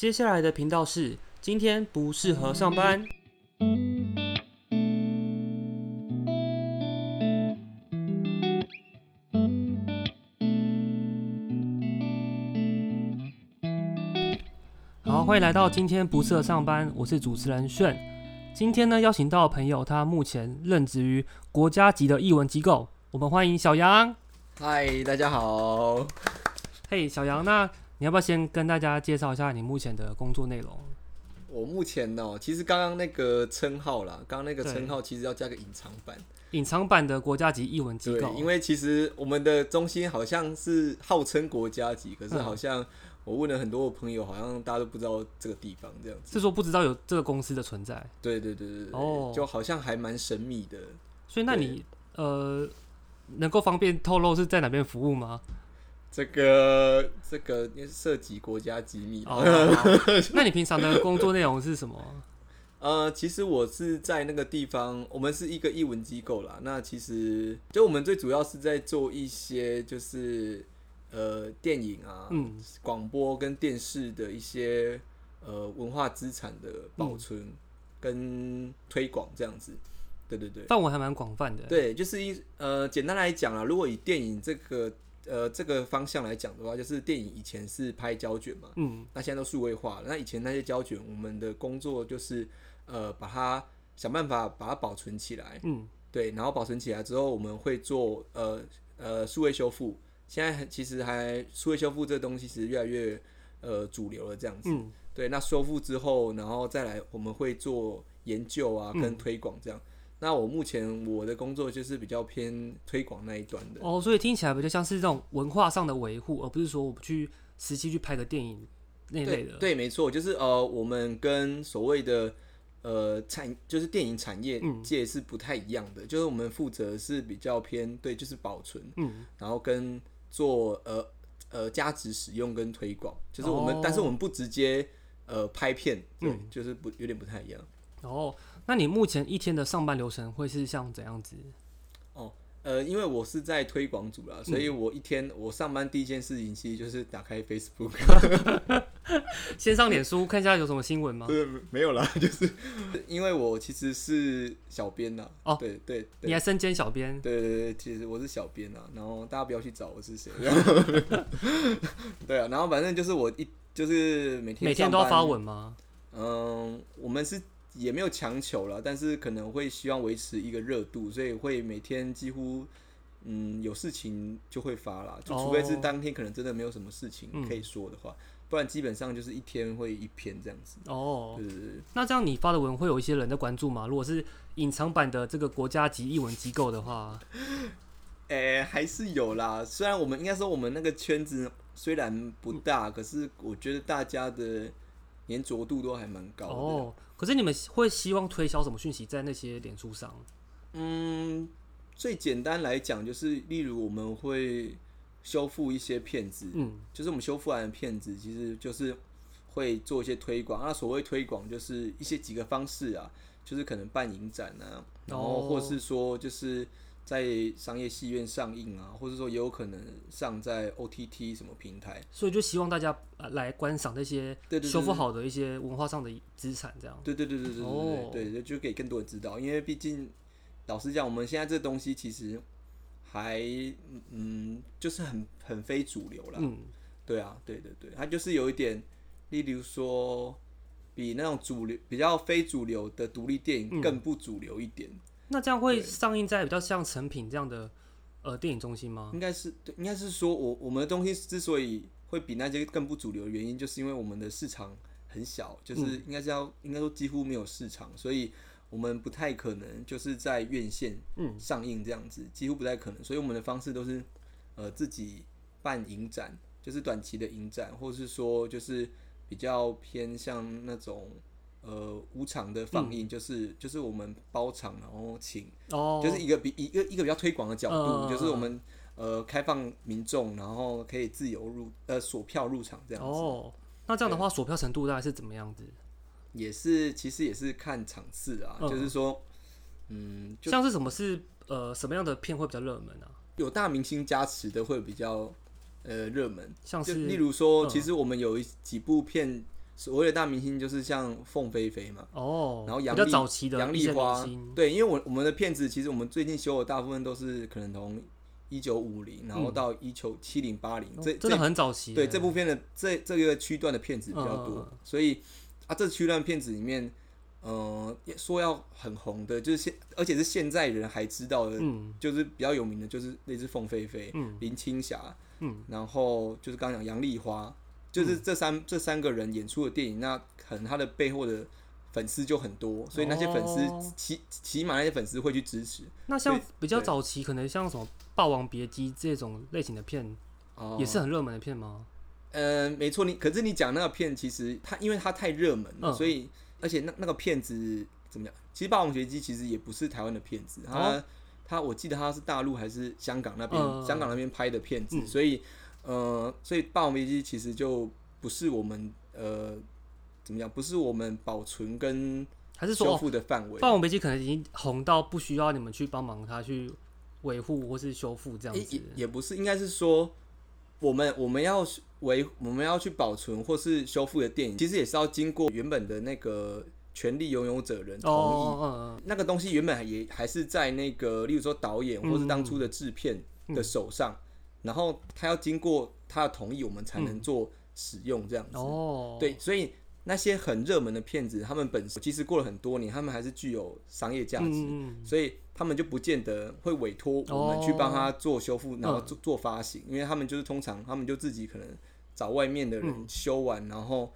接下來的頻道是今天不適合上班。好，歡迎來到今天不適合上班，我是主持人炫。今天呢，邀請到朋友，他目前任職於國家級的藝文機構，我們歡迎小楊。嗨，大家好。嘿，hey, 小楊呢？你要不要先跟大家介紹一下你目前的工作內容？我目前呢、喔，其實剛剛那個稱號啦，剛剛那個稱號其實要加個隱藏版，隱藏版的國家級藝文機構。對。因為其實我們的中心好像是號稱國家級，可是好像我問了很多朋友，好像大家都不知道這個地方。這樣子是說不知道有這個公司的存在？對對對對哦，oh. 就好像還蠻神秘的。所以那你對呃，能夠方便透露是在哪邊服務嗎？這個這個因為涉及國家機密。那你平常的工作內容是什麼、啊？呃，其實我是在那個地方，我們是一個藝文機構啦。那其實就我們最主要是在做一些，就是呃電影啊、廣、嗯、播跟電視的一些呃文化資產的保存跟推廣這樣子。嗯、對對對，範圍還蠻廣泛的。對，就是一呃，簡單來講啦，如果以電影這個。呃，這個方向來講的話，就是電影以前是拍膠卷嘛，嗯，那現在都數位化了。那以前那些膠卷，我們的工作就是呃，把它想辦法把它保存起來，嗯，對，然後保存起來之後，我們會做呃呃數位修復。現在其實還數位修復這東西其實越來越呃主流了，這樣子，嗯、對。那修復之後，然後再來我們會做研究啊，跟推廣這樣。嗯那我目前我的工作就是比較偏推廣那一端的哦，oh, 所以聽起來比較像是這種文化上的維護，而不是說我去實際去拍個電影那類的。對,對，沒錯，就是呃，我們跟所謂的呃產就是電影產業界是不太一樣的，嗯、就是我們負責是比較偏對，就是保存，嗯，然後跟做呃呃加值使用跟推廣，就是我們，oh. 但是我們不直接呃拍片，對嗯，就是不有點不太一樣，然後。那你目前一天的上班流程會是像怎樣子？哦，呃，因為我是在推廣組啦。嗯、所以我一天我上班第一件事情其實就是打開 Facebook， 先上臉書、欸、看一下有什麼新聞嗎？對，沒有啦，就是因為我其實是小編吶。哦，對,對對，你還身兼小編？對對對，其實我是小編啦。然後大家不要去找我是誰。 然後對啊，然後反正就是我一就是每天每天都要發文嗎？嗯、呃，我們是。也沒有強求了，但是可能會希望維持一個熱度，所以會每天幾乎，嗯，有事情就會發啦，就除非是當天可能真的沒有什麼事情可以說的話，oh. 不然基本上就是一天會一篇這樣子。哦、oh. 就是，對對對。那這樣你發的文會有一些人在關注嗎？如果是隱藏版的這個國家級藝文機構的話，誒、 欸，還是有啦。雖然我們應該說我們那個圈子雖然不大，嗯、可是我覺得大家的。黏著度都還蠻高的。哦，可是你們會希望推銷什麼訊息在那些臉書上？嗯，最簡單來講就是，例如我們會修復一些片子，嗯，就是我們修復完的片子，其實就是會做一些推廣。那、啊、所謂推廣就是一些幾個方式啊，就是可能辦影展啊，然後或是說就是。在商業戲院上映啊，或者說也有可能上在 OTT 什麼平台，所以就希望大家來觀賞那些修復好的一些文化上的資產，這樣。對對對對對對對對,對,、oh. 對就給更多人知道，因為畢竟老實講，我們現在這個東西其實還嗯，就是很很非主流啦，嗯、對啊，對對對，它就是有一點，例如說比那種主流比較非主流的獨立電影更不主流一點。嗯那這樣會上映在比較像成品這樣的，對呃，電影中心嗎？應該是，對，應該是說我，我我們的東西之所以會比那些更不主流的原因，就是因為我們的市場很小，就是應該是要，嗯，應該說幾乎沒有市場，所以我們不太可能就是在院線上映這樣子，嗯，幾乎不太可能。所以我們的方式都是，呃，自己辦影展，就是短期的影展，或是說，就是比較偏向那種。呃，無償的放映就是就是我們包場，然後請，就是一個比一個一個比較推廣的角度，就是我們呃開放民眾，然後可以自由入呃索票入場這樣子。哦，那這樣的話索票程度大概是怎麼樣子？也是，其實也是看場次啊，就是說，嗯，像是什麼是呃什麼樣的片會比較熱門呢？有大明星加持的會比較呃熱門，像是例如說，其實我們有幾部片。所謂的大明星就是像鳳飛飛嘛，哦，oh, 然後楊麗比較早期的楊麗花，對，因為我們我們的片子其實我們最近修的大部分都是可能從一九五零，然後到一九七零八零，這、哦、真的很早期，對，這部片的這這個區段的片子比較多，嗯、所以啊這區段片子裡面，嗯、呃，說要很紅的就是現，而且是現在人還知道的，嗯、就是比較有名的就是那只鳳飛飛，嗯、林青霞，嗯、然後就是剛剛講楊麗花。就是這三這三個人演出的電影，那可能他的背後的粉絲就很多，所以那些粉絲起起碼那些粉絲會去支持。那像比較早期，可能像什麼《霸王別姬》這種類型的片哦，也是很熱門的片嗎？呃，沒錯，你可是你講那個片，其實它因為它太熱門了，所以而且那那個片子怎麼講？其實《霸王別姬》其實也不是台灣的片子，他它我記得它是大陸還是香港那邊香港那邊拍的片子，所以。呃，所以霸王別姬其實就不是我們呃，怎麼講，不是我們保存跟還是修復的範圍。霸王別姬可能已經紅到不需要你們去幫忙他去維護或是修復這樣子。也也不是，應該是說我們我們要維我們要去保存或是修復的電影，其實也是要經過原本的那個權利擁有者人同意。哦嗯嗯嗯，那個東西原本也還是在那個，例如說導演或是當初的制片的手上。嗯嗯然後他要經過他的同意，我們才能做使用這樣子。對，所以那些很熱門的片子，他們本身其實過了很多年，他們還是具有商業價值，所以他們就不見得會委託我們去幫他做修復，然後做做發行，因為他們就是通常他們就自己可能找外面的人修完，然後。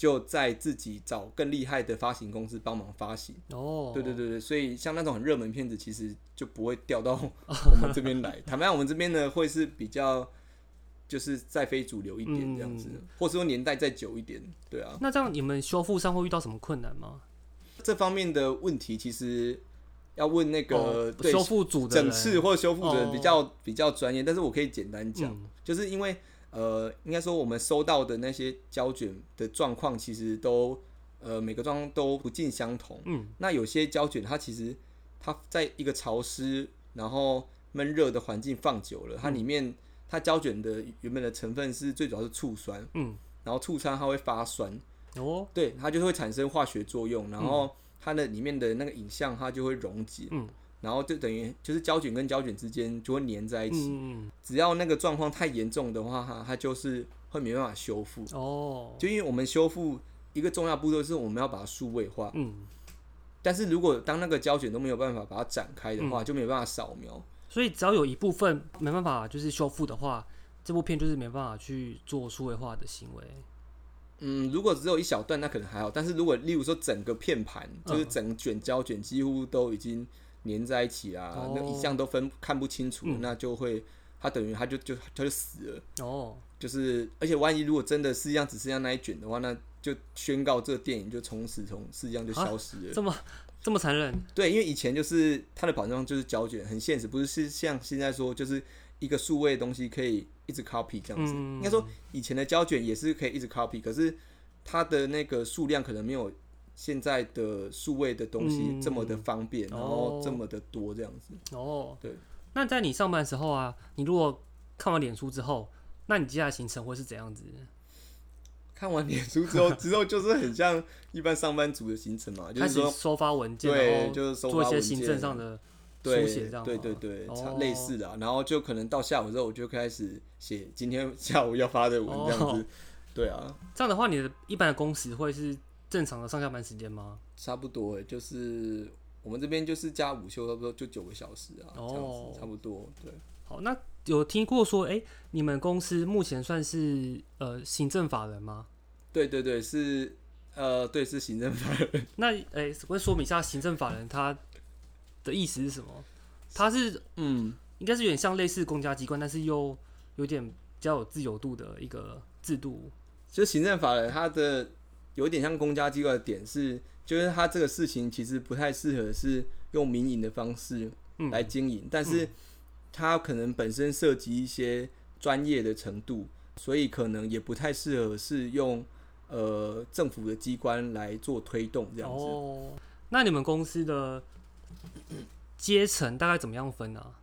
就在自己找更厲害的發行公司幫忙發行哦，對、oh. 對對對，所以像那種很熱門片子，其實就不會掉到我們這邊來。Oh. 坦白講，我們這邊呢會是比較，就是再非主流一點這樣子，嗯、或是說年代再久一點，對啊。那這樣你們修復上會遇到什麼困難嗎？這方面的問題其實要問那個、oh. 對修復組的人、整次或修復者比較、oh. 比較專業，但是我可以簡單講，嗯、就是因為。呃，應該說我們收到的那些膠卷的狀況，其實都呃每個狀況都不盡相同。嗯，那有些膠卷它其實它在一個潮濕然後悶熱的環境放久了，它裡面它膠卷的原本的成分是最主要是醋酸。嗯，然後醋酸它會發酸。哦，對，它就會產生化學作用，然後它的裡面的那個影像它就會溶解。嗯。然後就等於就是膠卷跟膠卷之間就會粘在一起，只要那個狀況太嚴重的話，哈，它就是會沒辦法修復。哦，就因為我們修復一個重要步驟是我們要把它數位化。嗯，但是如果當那個膠卷都沒有辦法把它展開的話，就沒有辦法掃描。所以只要有一部分沒辦法就是修復的話，這部片就是沒辦法去做數位化的行為。嗯，如果只有一小段那可能還好，但是如果例如說整個片盤就是整卷膠卷幾乎都已經。粘在一起啊，那個、一項都分看不清楚，哦、那就會，它等於它就就它就死了。哦，就是，而且萬一如果真的是這樣只剩下那一卷的話，那就宣告這個電影就從此從世界上就消失了。啊、這麼這麼殘忍？對，因為以前就是它的保障就是膠卷，很現實，不是是像現在說就是一個數位的東西可以一直 copy 這樣子。嗯、應該說以前的膠卷也是可以一直 copy，可是它的那個數量可能沒有。現在的數位的東西這麼的方便，嗯、然後這麼的多這樣子哦。對，那在你上班時候啊，你如果看完臉書之後，那你接下來行程會是怎樣子？看完臉書之後， 之後就是很像一般上班族的行程嘛，就是說收發文件，對，就是做一些行政上的書寫這樣，對，對對對，類似的、啊。然後就可能到下午之後，我就開始寫今天下午要發的文這樣子。哦、對啊，這樣的話，你的一般的工時會是？正常的上下班時間嗎？差不多誒，欸，就是我們這邊就是加午休，差不多就九個小時啊。哦，這樣子差不多，對。好，那有聽過說，哎，欸，你們公司目前算是呃行政法人嗎？對對對，是呃，對，是行政法人。那哎，我，欸，說明一下行政法人他的意思是什麼？他是嗯，應該是有點像類似公家機關，但是又有點比較有自由度的一個制度。就行政法人他的。有點像公家機構的點是，就是它這個事情其實不太適合是用民營的方式來經營，嗯、但是它可能本身涉及一些專業的程度，所以可能也不太適合是用呃政府的機關來做推動這樣子。哦、那你們公司的階層大概怎麼樣分呢、啊？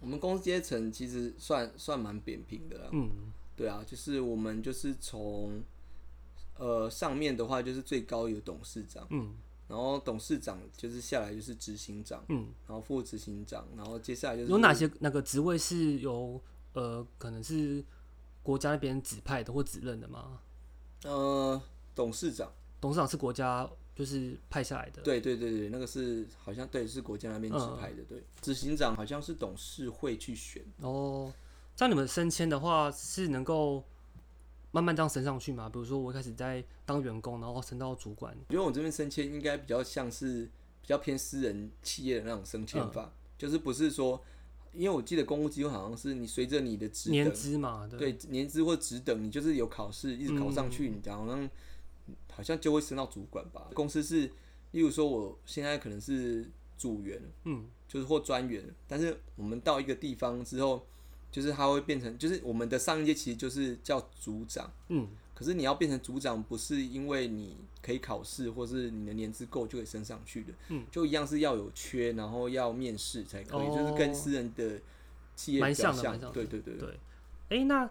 我們公司階層其實算算蠻扁平的啦，嗯，對啊，就是我們就是從呃，上面的話就是最高有董事長，嗯，然後董事長就是下來就是執行長，嗯，然後副執行長，然後接下來就是有哪些那個職位是由呃，可能是國家那邊指派的或指認的嗎？呃，董事長，董事長是國家就是派下來的，對對對對，那個是好像對是國家那邊指派的，呃、對。執行長好像是董事會去選哦。像你們升遷的話是能夠。慢慢這樣升上去嘛，比如說我開始在當員工，然後升到主管。因為我,我這邊升遷應該比較像是比較偏私人企業的那種升遷法，嗯、就是不是說，因為我記得公務機構好像是你隨着你的職等年資嘛對,對，年資或職等，你就是有考試一直考上去，嗯、你然後好,好像就會升到主管吧？公司是，例如說我現在可能是組員，嗯，就是或專員，但是我們到一個地方之後。就是它會變成，就是我們的上一屆其實就是叫組長，嗯，可是你要變成組長，不是因為你可以考試，或是你的年資夠就可以升上去的，嗯，就一樣是要有缺，然後要面試才可以，哦、就是跟私人的企業蠻像的，對對對對。哎、欸，那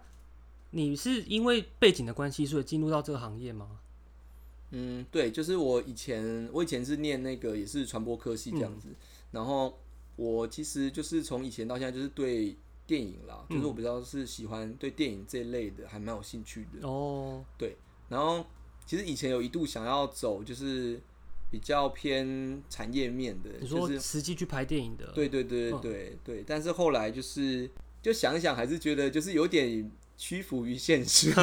你是因為背景的關係，所以進入到這個行業嗎？嗯，對，就是我以前我以前是念那個也是傳播科系這樣子，嗯、然後我其實就是從以前到現在就是對。電影啦，就是我比較是喜歡對電影這一類的，嗯、還蠻有興趣的哦。對，然後其實以前有一度想要走，就是比較偏產業面的，就是實際去拍電影的。對對對對對對、哦、對、對。但是後來就是就想一想，還是覺得就是有點屈服於現實。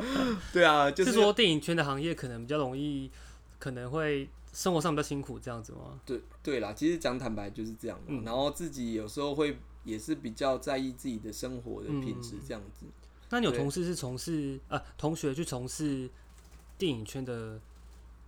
對啊，就是、就，就是說電影圈的行業可能比較容易，可能會生活上比較辛苦這樣子嗎？對對啦，其實講坦白就是這樣。嗯、然後自己有時候會。也是比較在意自己的生活的品質這樣子，嗯。那你有同事是從事對啊，同學去從事電影圈的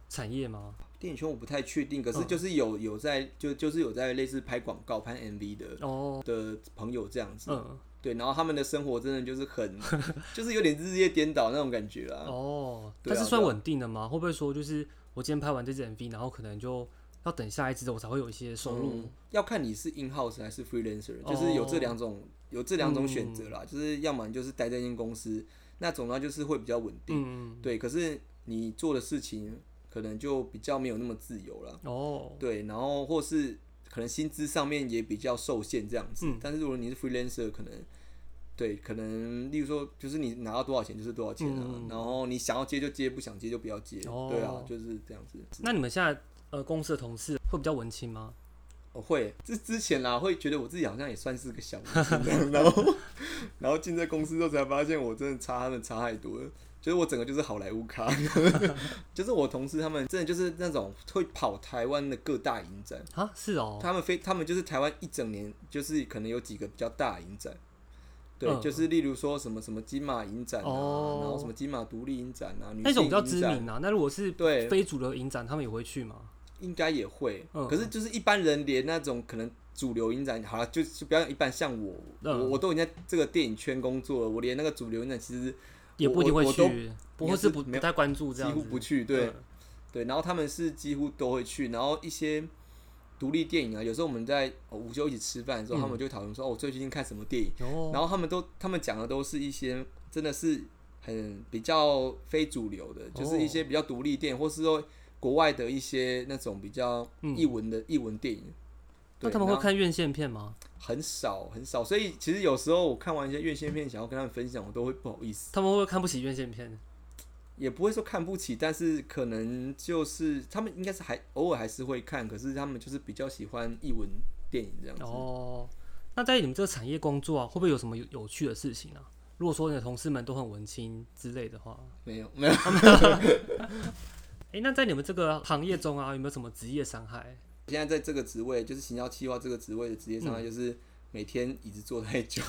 產業嗎？電影圈我不太確定，可是就是有、嗯、有在就就是有在類似拍廣告拍，拍 MV 的哦的朋友這樣子。嗯、對，然後他們的生活真的就是很 就是有點日夜顛倒那種感覺啦。哦、但、啊，是算穩定的嗎？啊、會不會說就是我今天拍完這支 MV，然後可能就。要等下一次的我才會有一些收入，嗯、要看你是 in house 還是 freelancer，哦、就是有這兩種有這兩種選擇啦，嗯、就是要麼你就是待在一間公司，那總之就是會比較穩定，嗯、對，可是你做的事情可能就比較沒有那麼自由了，哦，對，然後或是可能薪資上面也比較受限這樣子，嗯、但是如果你是 freelancer，可能對，可能例如說就是你拿到多少錢就是多少錢啊，嗯、然後你想要接就接，不想接就不要接，哦、對啊，就是這樣子。那你們現在？呃，公司的同事會比較文青嗎？我、哦、會，之之前啊，會覺得我自己好像也算是個小文青， 然後 然後進這公司之後才發現，我真的差他們差太多了，就是我整個就是好萊塢咖， 就是我同事他們真的就是那種會跑台灣的各大影展啊，是哦，他們非他們就是台灣一整年就是可能有幾個比較大影展，對，呃、就是例如說什麼什麼金馬影展啊，哦、然後什麼金馬獨立影展啊，那種比較知名啊，那展如果是對非主流影展，對他們也會去嗎？應該也會，嗯、可是就是一般人連那種可能主流影展，好了，就就不要一般，像我，嗯、我都已經在這個電影圈工作了，我連那個主流影展其實也不一定會去，不會是不不太關注，這樣幾乎不去，對，嗯、對。然後他們是幾乎都會去，然後一些獨立電影啊，有時候我們在午休一起吃飯的時候，嗯、他們就討論說，哦、喔，最近看什麼電影？哦、然後他們都他們講的都是一些真的是很比較非主流的，就是一些比較獨立電影、哦、或是說。國外的一些那種比較藝文的藝文電影，嗯、對那他們會看院線片嗎？很少，很少。所以其實有時候我看完一些院線片，想要跟他們分享，我都會不好意思。他們會，會看不起院線片也不會說看不起，但是可能就是他們應該是還偶爾還是會看，可是他們就是比較喜歡藝文電影這樣子。哦，那在你們這個產業工作啊，會不會有什麼有，有趣的事情啊？如果說你的同事們都很文青之類的話，沒有，沒有。 哎、欸，那在你們這個行業中啊，有沒有什麼職業傷害？現在在這個職位，就是行銷企劃這個職位的職業傷害，嗯、就是每天椅子坐太久，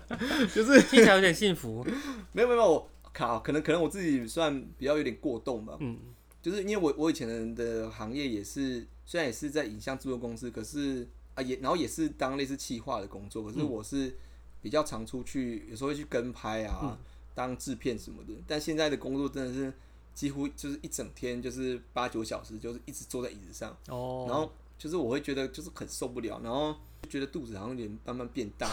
就是聽起來有點幸福。 沒有沒有，我靠，可能可能我自己算比較有點過動吧。嗯，就是因為我我以前的行業也是，雖然也是在影像製作公司，可是啊也然後也是當類似企劃的工作，可是我是比較常出去，有時候會去跟拍啊，嗯、當製片什麼的。但現在的工作真的是。幾乎就是一整天，就是八九小時，就是一直坐在椅子上。Oh. 然後就是我會覺得就是很受不了，然後就覺得肚子好像也慢慢變大。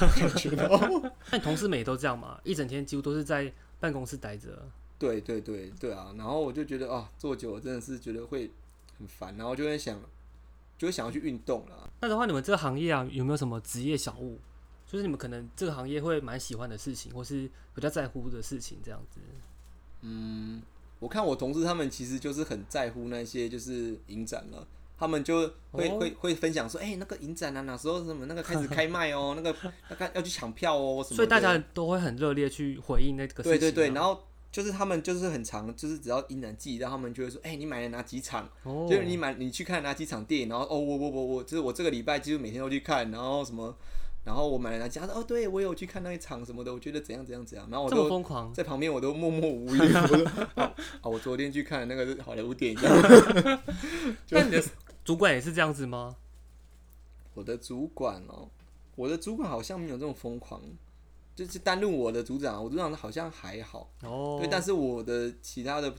那同事們也都這樣嘛？一整天幾乎都是在辦公室待着。對對對對啊！然後我就覺得啊，坐久了真的是覺得會很煩，然後就會想，就會想要去運動了。那的話，你們這個行業啊，有沒有什麼職業小物？就是你們可能這個行業會蠻喜歡的事情，或是比較在乎的事情，這樣子。嗯。我看我同事他們其實就是很在乎那些就是影展了，他們就會、oh. 會會分享說，哎、欸，那個影展啊，哪時候什麼那個開始開賣哦、喔 那個，那個要看要去搶票哦、喔、什麼，所以大家都會很熱烈去回應那個事情。對對對，然後就是他們就是很常，就是只要影展季然後他們就會說，哎、欸，你買了哪幾場？Oh. 就是你買你去看哪幾場電影？然後哦，我我我我就是我這個禮拜幾乎每天都去看，然後什麼。然後我買了那家，哦，對，我有去看那一場什麼的，我覺得怎樣怎樣怎樣，然後我都在旁邊，我都默默無語、啊。啊，我昨天去看那個，好萊塢電影。 就但你的主管也是這樣子嗎？我的主管哦，我的主管好像沒有這種瘋狂，就是單論我的組長，我組長好像還好哦。對，但是我的其他的，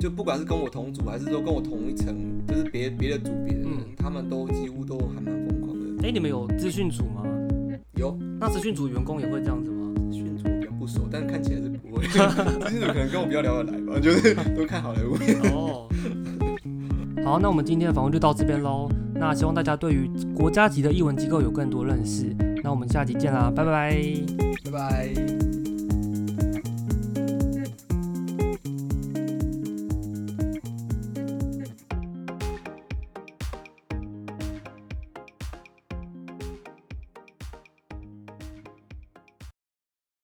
就不管是跟我同組還是說跟我同一層，就是別別的組別的人，嗯、他們都幾乎都還蠻瘋狂。哎、欸，你們有資訊組嗎？有，那資訊組員工也會這樣子嗎？資訊組我比較不熟，但是看起來是不會。資訊組可能跟我比較聊得來吧， 就是都看好萊塢。哦， 好，那我們今天的訪問就到這邊嘍。那希望大家對於國家級的藝文機構有更多認識。那我們下集見啦，拜拜，拜拜。